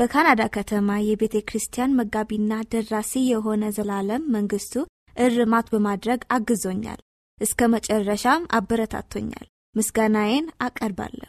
በካናዳ ከተማ የቤተ ክርስቲያን መጋቢና ደራሲ የሆነ ዘላለም መንግስቱ እርማት በማድረግ አግዞኛል። እስከ መጨረሻም አበረታቶኛል። ምስጋናዬን አቀርባለሁ።